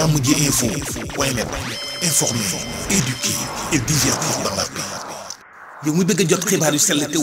jàmm ji info point net informer, et divertir dans la paix yow mu bëgg a jot xibaar yu sell te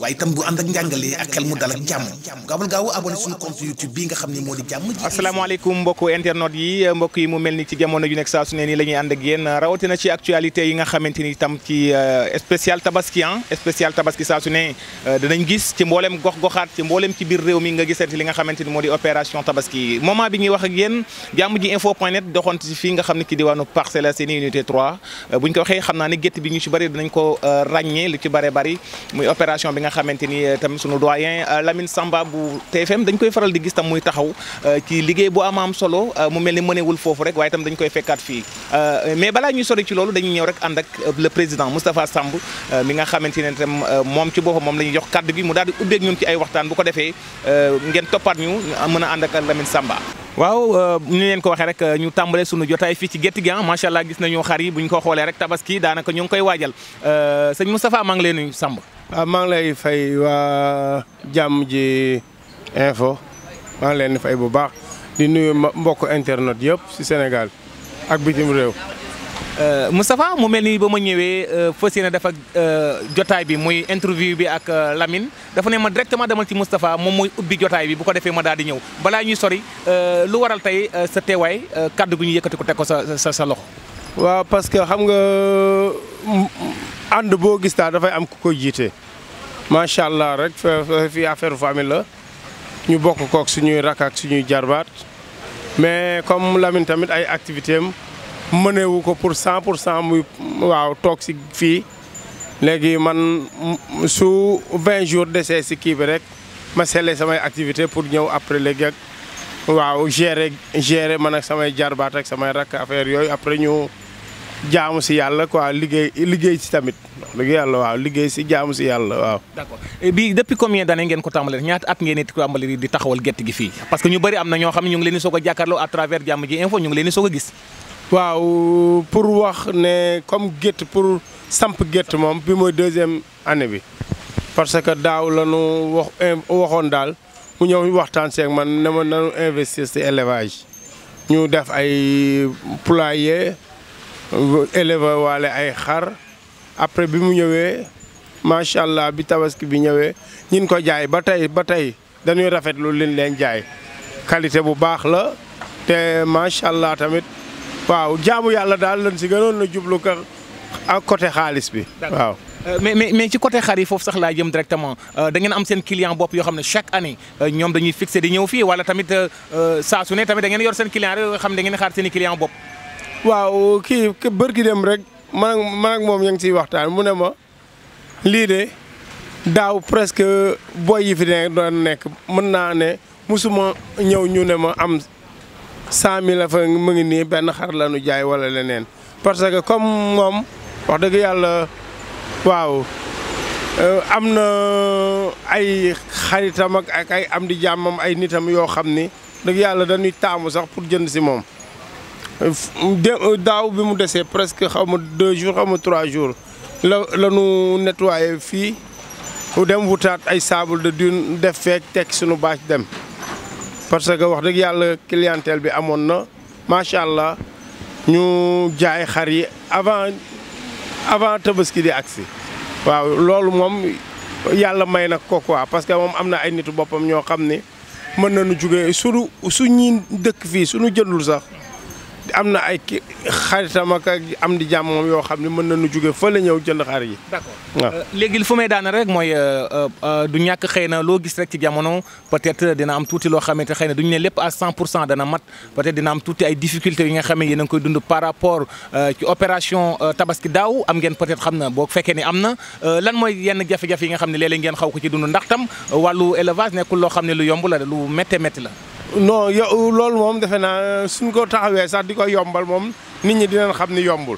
waaye itam bu ànd ak njàngalee ak xel mu dal ak jàmm gaawal gaaw abonné nga xam ne moo di jàmm asalaamaaleykum mbokku internet yi mbokk yi mu mel ni ci jamono ju nekk saa su ne nii la ñuy ànd ak yéen rawatina ci actualité yi nga xamante ni itam ci euh, spécial tabaski ah spécial tabaski saa su ne euh, danañ gis ci mboolem gox-goxaat ci mboolem ci biir réew mi nga gisante li nga xamante ni moo di opération tabaski moment bi ñuy wax ak yéen jàmm ji info point net doxante fii nga xam ne ci diwaanu Parcelles Assainies unité euh, waxee xam naa ne gétt bi ñu ci bari danañ ko ràññee lu ci bare bari muy opération bi nga xamante ni euh, tamit sunu doyen euh, Lamine Samba bu TFM dañ koy faral di gis tam muy taxaw euh, ci liggéey bu am am solo mu mel ni mënewul foofu rek waaye tam dañ koy fekkaat fii mais balaa ñuy sori ci loolu dañuy ñëw rek ànd ak le président Moustapha Samb mi nga xamante ne tam moom ci boppam moom la ñuy jox kàddu gi mu daal di ubbeeg ñun ci ay waxtaan bu ko defee ngeen toppaat ñu mën a ànd ak Lamine Samba. waaw ñu euh, leen ko waxee rek euh, ñu tàmbale suñu jotaay fii ci gétt gi ah gis nañu xar yi bu ñu ko xoolee rek tabaski daanaka ñu ngi koy waajal euh, sëñ Moustapha maa ngi lay nuyu Samb. waaw ah, maa ngi lay fay waa jàmm ji info maa ngi leen di fay bu baax di nuyu mbokk internet yëpp si Sénégal ak bitim réew. Euh, Moustapha mu mel nii ba ma ñëwee euh, fas yéene dafa euh, jotaay bi muy interview bi ak Lamine dafa ne ma directement demal ci Moustapha moom mooy ubbi jotaay bi bu ko defee ma daal ñëw balaa ñuy sori lu waral tey sa teewaay kàddu gu ñu yëkkati ko teg ko sa sa sa loxo. waaw parce que xam nga ànd boo gis daal dafay am ku koy jiite macha allah rek fi affaire famille la ñu bokk kook suñuy rakk ak suñuy jarbaat mais comme Lamine tamit ay activité mënewu ko pour cent pour cent muy waaw toog si fii léegi man su vingt jours desee si kii rek ma selle samay activité pour ñëw après léegi ak waaw gérer gérer man ak samay jarbaat ak samay rakk affaire yooyu après ñu jaamu si yàlla waaw liggéey si jaamu si yàlla waaw. d'accord depuis combien d'années ngeen ko tàmbalee ñaata at ngeen tàmbali di taxawal gerte fii parce que ñu bëri am na ñoo xam ñu ngi leen di soog a jàkkaarloo à travers jàmm ji info ñu ngi leen waaw pour wax ne comme gétt pour samp gétt moom bi mooy deuxième année bi parce que daaw lanu ñu wax waxoon daal mu ñëw waxtaan seek man na ma na investir ci élevage ñu def ay poulailler élever waale ay xar après bi mu ñëwee macha allah bi tabaski bi ñëwee ñin ko jaay ba tey ba tey dañuy rafetlu liñ leen jaay qualité bu baax la te macha allah tamit. waaw jaamu yàlla daal lañ si gënoon na jublu ka ak côté xaalis bi waaw. Euh, mais mais mais ci côté xar yi foofu sax laa jëm directement euh, da am seen client bopp yoo xam ne chaque année euh, ñoom dañuy fixé di ñëw fii wala tamit saa su ne tamit dangeen yor seen client rek yoo xam ne da ngeen xaar seen i client bopp. waaw kii bërki dem rek man ak man ak moom yaa ngi ciy waxtaan mu ne ma lii de daaw presque boy yi fi nekk doon nekk mën naa ne musuma ñëw ñu ne ma am. cent mille fa mu ngi nii benn xar la nu jaay wala leneen parce que comme moom wax dëgg yàlla waaw euh, am na ay xaritam ak ak ay am di jàmmam ay nitam yoo xam ni dëgg yàlla dañuy taamu sax pour jënd si moom. daaw bi mu desee presque xaw ma deux jour xaw ma trois jours la la ñu nettoyé fii dem wutaat ay sable de dune def feek teg sunu bâche dem. parce que wax dëgg yàlla clientèle bi amoon na macha allah ñu jaay xar yi avant avant tabaski di agsi waaw loolu moom yàlla may na ko quoi parce que moom am na ay nitu boppam ñoo xam ni mën nañu jóge suñu su ñi dëkk fii suñu jëndul sax am na ay xaritam ak am di jàmmam yoo xam ne mën nu jóge fa la ñëw jënd xar yi. d'accord waaw euh, léegi fu may daana rek mooy euh, euh, du ñàkk xëy na loo gis rek ci jamono peut-être dina am tuuti loo xamante xëy na duñu ne lépp à pour cent dana mat peut-être dina am tuuti ay difficultés yi nga xam ne yéen a ngi koy dund par rapport ci opération tabaski daaw am ngeen peut-être xam na boo fekkee ni am na lan mooy yenn jafe-jafe yi nga xam ne léeg-léeg ngeen xaw ko ci dund ndax tam wàllu élevage nekkul loo xam ne lu yomb la lu méttee métti la. no yow loolu moom defe naa euh, suñ ko taxawee sax di ko yombal moom nit ñi dinañ xam ni yombul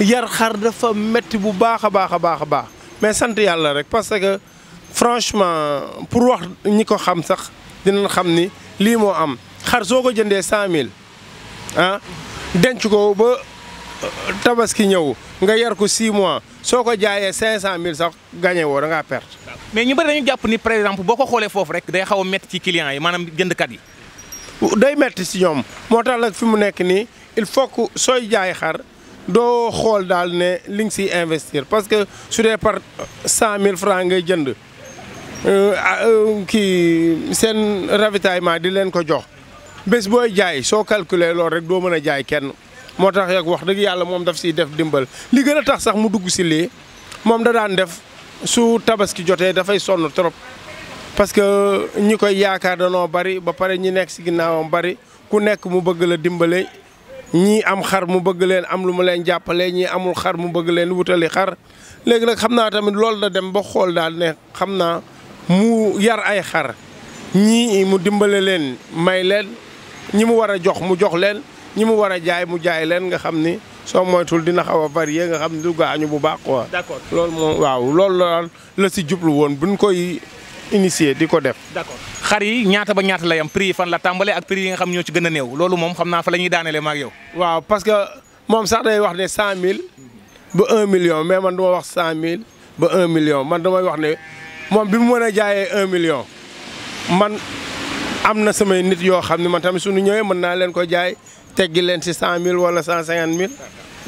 yar xar dafa metti bu baax a baax a baax a baax mais sant yàlla rek parce que franchement pour wax ñi ko xam sax dinañ xam ni lii moo am xar soo ko jëndee cent mille ah denc ko ba tabaski ñëw nga yar ko 6 mois soo ko jaayee 500000 sax gagné woo da ngaa perte. mais ñi bari dañu jàpp ni par exemple boo ko xoolee foofu rek day xaw a métti ci clients yi maanaam jëndkat yi. day métti si ñoom moo tax nag fi mu nekk nii il faut que sooy jaay xar doo xool daal ne li nga si investir parce que su dee par 100000 francs ngay jënd euh, ah, euh, kii seen ravitaillement di leen ko jox bés booy jaay soo calculer loolu rek doo mën a jaay kenn. moo tax yeeg wax dëgg yàlla moom daf siy def dimbal li gën a tax sax mu dugg si lii moom da daan def su tabaski jotee dafay sonn trop parce que ñi koy yaakaar danoo bari ba pare ñi nekk si ginnaawam bari ku nekk mu bëgg la dimbale ñii am xar mu bëgg leen am lu ma leen jàppale ñii amul xar mu bëgg leen wutali xar léegi nag xam naa tamit loolu na dem ba xool daan ne xam naa mu yar ay xar ñii mu dimbale leen may leen ñi mu war a jox mu jox leen ñi mu war a jaay mu jaay leen nga xam ni soo moytul dina xaw a varier nga xam ni du gaañu bu baax quoi. d'accord loolu moom waaw loolu la la si jublu woon bu buñ koy initier di ko def. d'accord xar yi ñaata ba ñaata la am prix yi fan la tàmbalee ak prix yi nga xam ñoo ci gën a néew loolu moom xam naa fa la ñuy daanelee ma ak yow. waaw parce moom sax day wax ne cent mille ba un million mais man duma wax cent mille ba un million man damay wax ne moom bi mu mën a jaayee un million man am na samay nit yoo xam ne man tamit suñu ñëwee mën naa leen ko jaay. teggi leen si cent mille wala cent cinquante mille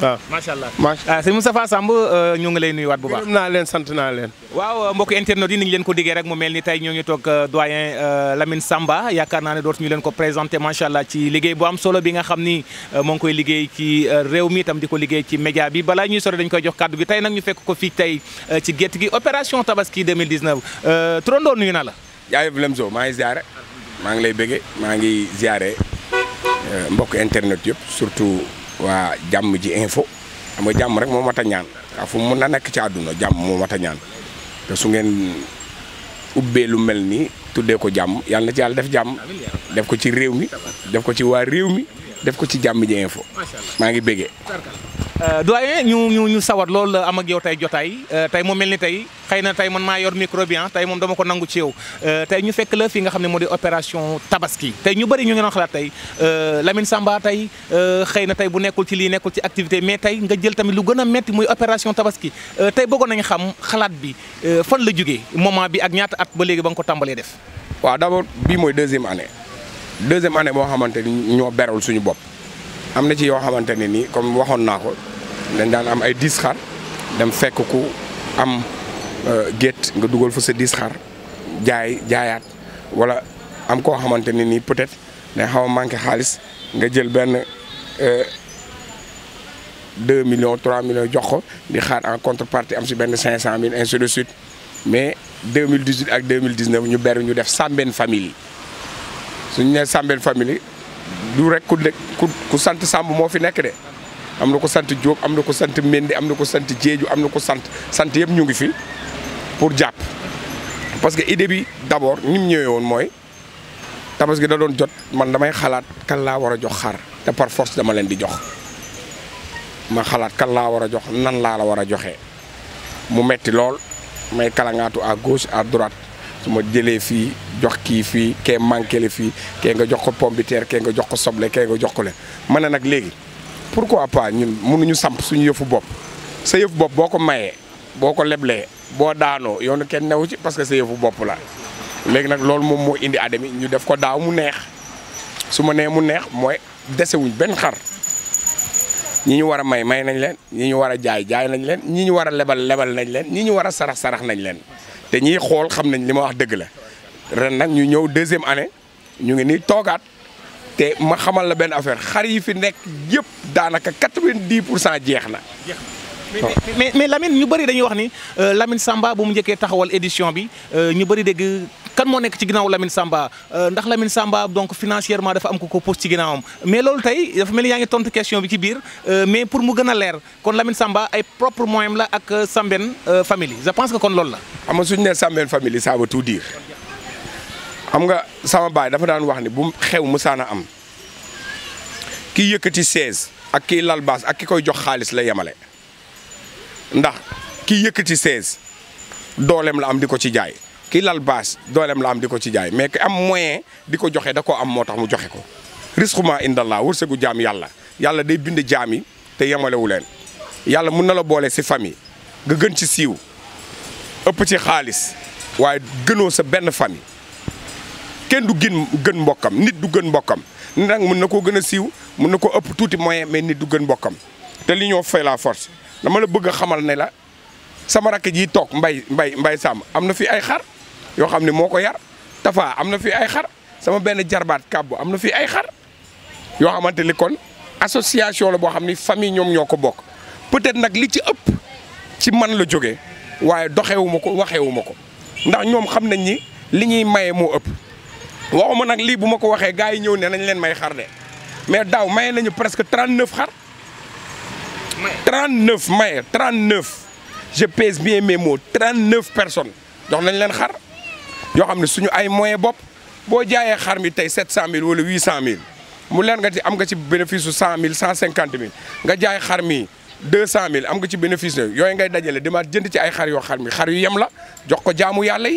waaw macha allah macha allah sëñ Moustapha Samb euh, ñoo ngi lay nuyuwaat bu baax gërëm naa leen sant naa leen waaw euh, mbokk internet yi ni ngi leen ko diggee rek mu mel ni tey ñoo ngi toog euh, doyen Lamine Samba yaakaar naa ne dootuñu leen ko présenté macha allah ci liggéey bu am solo bi nga xam ni moo ngi koy liggéey ci réew mi tam di ko liggéey ci média bi balaa ñuy sore dañu koy jox kàddu gi tey nag ñu fekk ko fii tey ci gétt gi opération tabaski 2019 turandoo nuyu naa la jaajëf Lemzo maa ngi ziare maa ngi lay bëggee maa ngi ziare Euh, mbokk internet yëpp surtout waa jàmm ji info xam nga jàmm rek moom mat a ñaan waaw fu mun na nekk ci àdduna jàmm moo mat a ñaan te su ngeen ubbee lu mel nii tuddee ko jàmm yàlla na ci yàlla def jàmm def ko ci réew mi def ko ci waa réew mi def ko ci jàmm ji info maa ngi béggee Euh, doyen ñu ñu ñu sawar loolu la am ak yow tey jotaay euh, tey mu mel ni tey xëy na tey man maa yor micro bi ah, tey moom dama ko nangu ci yow euh, tey ñu fekk la fi nga xam ne moo di opération tabaski tey ñu bëri ñu ngi doon xalaat tey Lamine Samba tey xëy na tey bu nekkul ci lii nekkul ci activité mais tey nga jël tamit lu gën a metti muy opération tabaski tey bëggoon nañu xam xalaat bi fan la jógee moment bi ak ñaata at ba léegi ba nga ko tàmbalee def. waaw d'abord bii mooy deuxième année deuxième année boo xamante ni ñoo beral suñu bopp am na ci yoo xamante ne nii comme waxoon naa ko dañ daan am ay dix xar dem fekk ku am euh, gétt nga dugal fa sa dix xar jaay jaayaat wala am koo xamante ne nii peut-être day xaw a manqué xaalis nga jël benn euh, deux millions trois millions jox ko di xaar en contrepartie am si benn cinq cent mille ainsi de suite mais 2018 ak 2019 ñu beru ñu def Sambène famille suñ nee Sambène famille du rek ku dëkk sant Samb moo fi nekk de. am na ko sant Diop am na ko sant Mendy am na ko sant jéeju am na ko sant sant yëpp ñu ngi fii pour jàpp parce que idée bi d'abord ni mu ñëwee woon mooy tabaski da doon jot man damay xalaat kan laa war a jox xar te par force dama leen di jox ma xalaat kan laa war a jox nan laa la war a joxe mu metti lool may kalangaatu à gauche à droite su ma jëlee fii jox kii fii kee manqué fii kee nga jox ko pomme de kee nga jox ko soble kee nga jox ko le ma ne nag léegi pourquoi pas ñun mënuñu samp suñu yëfu bopp sa yëfu bopp boo ko mayee boo ko leblee boo daanoo yoonu kenn newu ci parce que sa yëfu bopp la léegi nag loolu moom moo indi adami ñu def ko daaw mu neex su ma nee mu neex mooy desewuñ benn xar ñi ñu war a may may nañ leen ñi ñu war a jaay jaay nañ leen ñi ñu war a lebal lebal nañ leen ñi ñu war a sarax sarax nañ leen te ñiy xool xam nañ li ma wax dëgg la ren nag ñu ñëw deuxième année ñu ngi nii toogaat. te ma xamal la benn affaire xar yi fi nekk yëpp daanaka quatre-vingt-dix pour cent jeex na. Oh. mais mais Lamine ñu bëri dañuy wax ni euh, Lamine Samba bu mu njëkkee taxawal édition bi euh, ñu bëri dégg kan moo nekk ci ginnaaw Lamine Samba euh, ndax Lamine Samba donc financièrement dafa am ko ko post ci ginnaawam mais loolu tey dafa mel yaa ngi tontu question bi ci biir mais pour mu gën a leer kon Lamine Samba ay propre moyen la ak Sambène famille je pense que kon loolu la. ama suñu nee Sambène famille xam nga sama baay dafa daan wax ni bu xew musaana am kiy yëkkati seize ak kiy lal baas ak ki koy jox xaalis la yemale ndax kiy yëkkati seize doolem la am di ko ci jaay ki lal baas dooleem la am di ko ci jaay mais ki am moyen di ko joxe da koo am moo tax mu joxe ko risquement indallah wërsëgu jaam yàlla yàlla day bind jaam yi te yemalewu leen yàlla mun na la boole si famille nga gën ci siiw ëpp ci xaalis waaye gënoo sa benn famille kenn du gën mbokkam nit du gën mbokkam nit nag mën na koo gën a siiw mun na koo ëpp tuuti moyen mais nit du gën mbokkam te li ñoo fay la force dama la bëgg xamal ne la sama rakk ji toog mbay mbay mbay sàmm am na fi ay xar yoo xam ne moo ko yar Tafa am na fi ay xar sama benn jarbaat kàbbu am na fi ay xar yoo xamante ni kon association la boo xam ni famille ñoom ñoo ko bokk peut-être nag li ci ëpp ci man la jóge waaye doxewuma ko waxewuma ko ndax ñoom xam nañ li ñuy ëpp waxuma nag lii bu ma ko waxee gars yi ñëw ne nañ leen may xar de mais daaw maye nañu presque 39 xar. maye 39 maye 39 je pèse bien moo mots 39 personnes jox nañ leen xar yoo xam ne suñu ay moyen bopp boo jaayee xar mi tey mille wala mille mu leen nga ci am nga ci bénéfice su 100000 150000 nga jaay xar mi. 200000 am nga ci bénéfice yooyu ngay dajale demaat jënd ci ay xar yoo xar mi xar yu yem la jox ko jaamu yàlla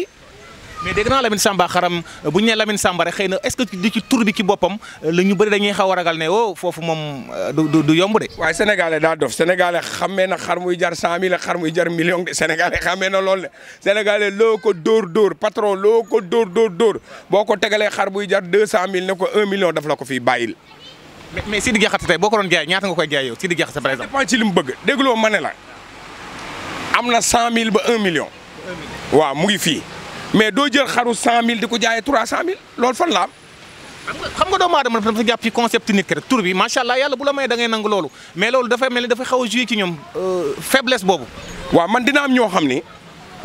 mais dégg naa Lamine Samba xaram bu ñu nee Lamine Samba que di ci tur bi ci boppam a ragal ne oh foofu moom euh, du du yomb de. waaye sénégalais daa dof sénégalais xamee na xar muy jar cent mille ak xar muy jar million de sénégalais xamee na lool de sénégalais loo ko dóor dóor patron loo ko door dóor dóor boo ko tegalee xar muy jar deux cent mille ne ko un million daf la ko fiy bàyyil. mais mais Sidi Diakhaté tey boo ko doon jaay ñaata nga koy jaay yow Sidi Diakhaté par exemple. dépend mu bëgg dégloo ma ne la am na cent mille ba un million. waaw mu fii mais doo jël xaru 100000 di ko jaayee 300000 loolu fan la am. xam nga xam nga doomu aadama dafa jàpp ci concept nit rek tur bi macha allah yàlla bu la may da ngay nangu loolu mais loolu dafay mel ni dafay xaw a joué ci ñoom euh, faiblesse boobu. waa man dina am ñoo xam ni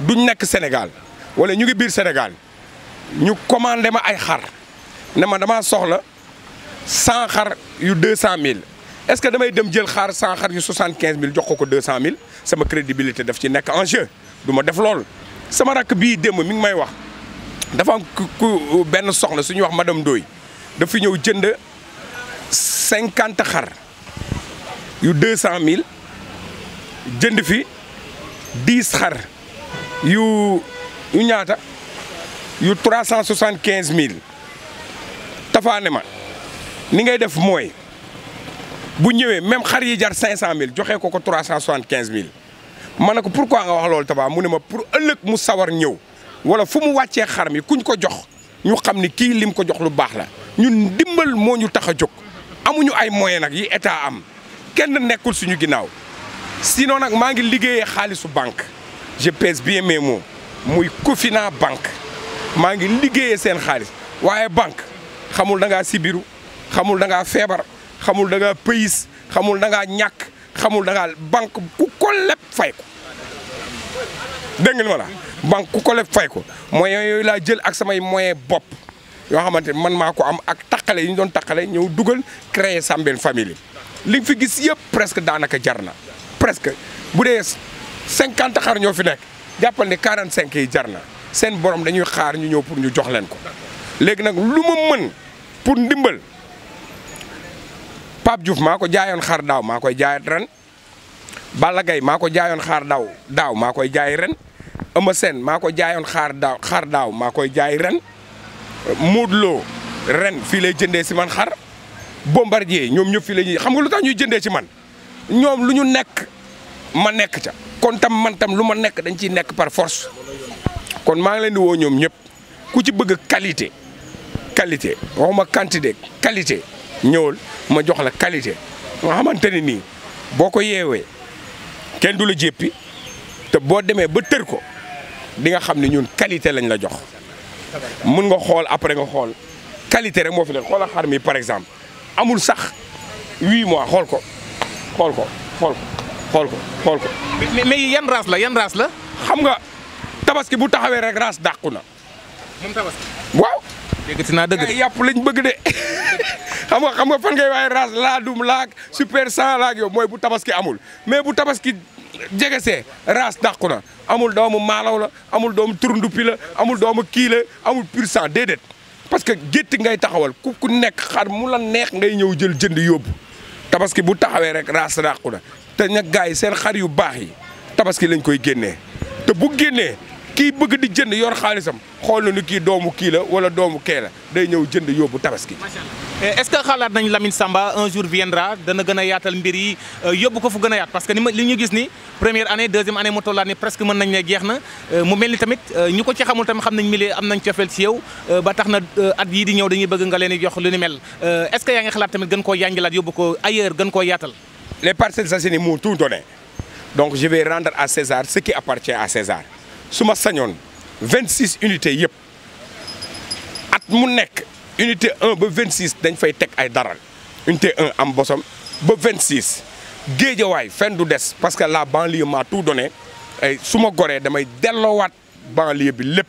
duñ nekk Sénégal wala ñu ngi biir Sénégal ñu commandé ma ay xar ne ma damaa soxla 100 xar yu 200000 est-ce que damay dem jël xaar 100 xar yu 75000 jox ko ko 200000 sama crédibilité daf ci nekk en jeu du ma def loolu. sama rakk bii démb mi ngi may wax dafa am ku benn soxna suñuy wax madame doy dafa ñëw jënd cinquante xar yu deux cent mille jënd fi dix xar yu yu ñaata yu trois cent soixante quinze mille tafaane ma ni ngay def mooy bu ñëwee même xar yi jar cinq cent mille joxe ko ko trois cent soixante quinze mille ma ne ko pourquoi nga wax loolu ne ma pour ëllëg mu sawar ñëw wala fu mu wàccee xar mi kuñ ko jox ñu xam ni kii lim ko jox lu baax la ñun ndimbal moo ñu tax a jóg amuñu ay moyen nag yi état am kenn nekkul suñu ginnaaw sinon nag maa ngi liggéeye xaalisu banque gps pèse bien mes moo muy Cofina banque maa ngi liggéeye seen xaalis waaye banque xamul dangaa ngaa sibiru xamul dangaa feebar xamul da ngaa pays xamul dangaa ngaa ñàkk xamul da ngaa ku ko leb fay ko dégg nga li ma la banque ku ko leb fay ko moyens yooyu laa jël ak samay moyen bopp yoo xamante man maa ko am ak taqale yi ñu doon taqale ñëw dugal créer Sambène famille li fi gis yëpp presque daanaka jar na presque bu dee cinquante xar ñoo fi nekk jàppal ne quarante cinq yi jar na seen borom dañuy xaar ñu ñëw pour ñu jox leen ko léegi nag lu ma mën pour ndimbal Pape Diouf maa ko jaayoon xar daaw maa koy jaayaat ren Balla Gaye maa ko jaayoon xaar daaw daaw maa koy jaay ren Eumeu Sène maa ko jaayoon xaar daaw xaar daaw maa koy jaay ren Modou Lo ren fii lay jëndee si man xar Bombardier ñoom ñëpp fii la ñuy xam nga lu tax ñuy jëndee si man ñoom lu ñu nekk ma nekk ca kon tam man tam lu ma nekk dañ ciy nekk par force kon maa ngi leen di woo ñoom ñëpp ku ci bëgg qualité qualité waxuma quantité qualité ñëwul ma jox la qualité nga xamante ne nii boo ko yeewee. kenn du la jéppi te boo demee ba tër ko di nga xam ne ñun qualité lañ la jox mun nga xool après nga xool qualité rek moo fi leen xoolal xar mi par exemple amul sax huit mois xool ko xool ko xool ko xool ko xool mais yan race la yan race la. xam nga tabaski bu taxawee rek race dàqu na. moom waaw. naa dëgg yàpp lañ bëgg de. xam nga xam nga fan ngay waaye laa laadum laag super cent laag yow mooy bu tabaski amul mais bu tabaski jegesee raas dàqu na amul doomu maalaw la amul doomu turundupi la amul doomu kiile amul pur cent déedéet parce que gétt ngay taxawal ku ku nekk xar mu la neex ngay ñëw jël jënd yóbbu tabaski bu taxawee rek raas dàqu na te nag gars yi seen xar yu baax yi tabaski lañ koy génnee te bu génnee kii bëgg di jënd yor xaalisam xool na ni kii doomu kii la wala doomu kee la day ñëw jënd yóbbu tabaski. Eh, est-ce que xalaat nañ Lamine Samba un jour viendra dana gën a yaatal mbir yi euh, yóbbu ko fu gën a yaat parce que ni ma li ñu gis ni première année deuxième année mu tollaat ni presque mën nañ ne jeex na euh, mu mel ni tamit euh, ñu ko ci xamul tamit xam nañ milieu am nañ cofeel ci yow ba tax na at yii di ñëw dañuy bëgg nga leen di jox lu ni mel est-ce que yaa ngi xalaat koo yàngilaat yóbbu ko ailleurs gën koo yaatal. les Parcelles Assainies à César ce qui appartient à César. su ma sañoon vingt six unités yëpp at mu nekk unité un ba vingt six dañ fay teg ay daral unité un am bosom ba vingt six géejawaay fenn du des parce que la banlieue m'a tout donné su ma goree damay delloowaat banlieue bi lépp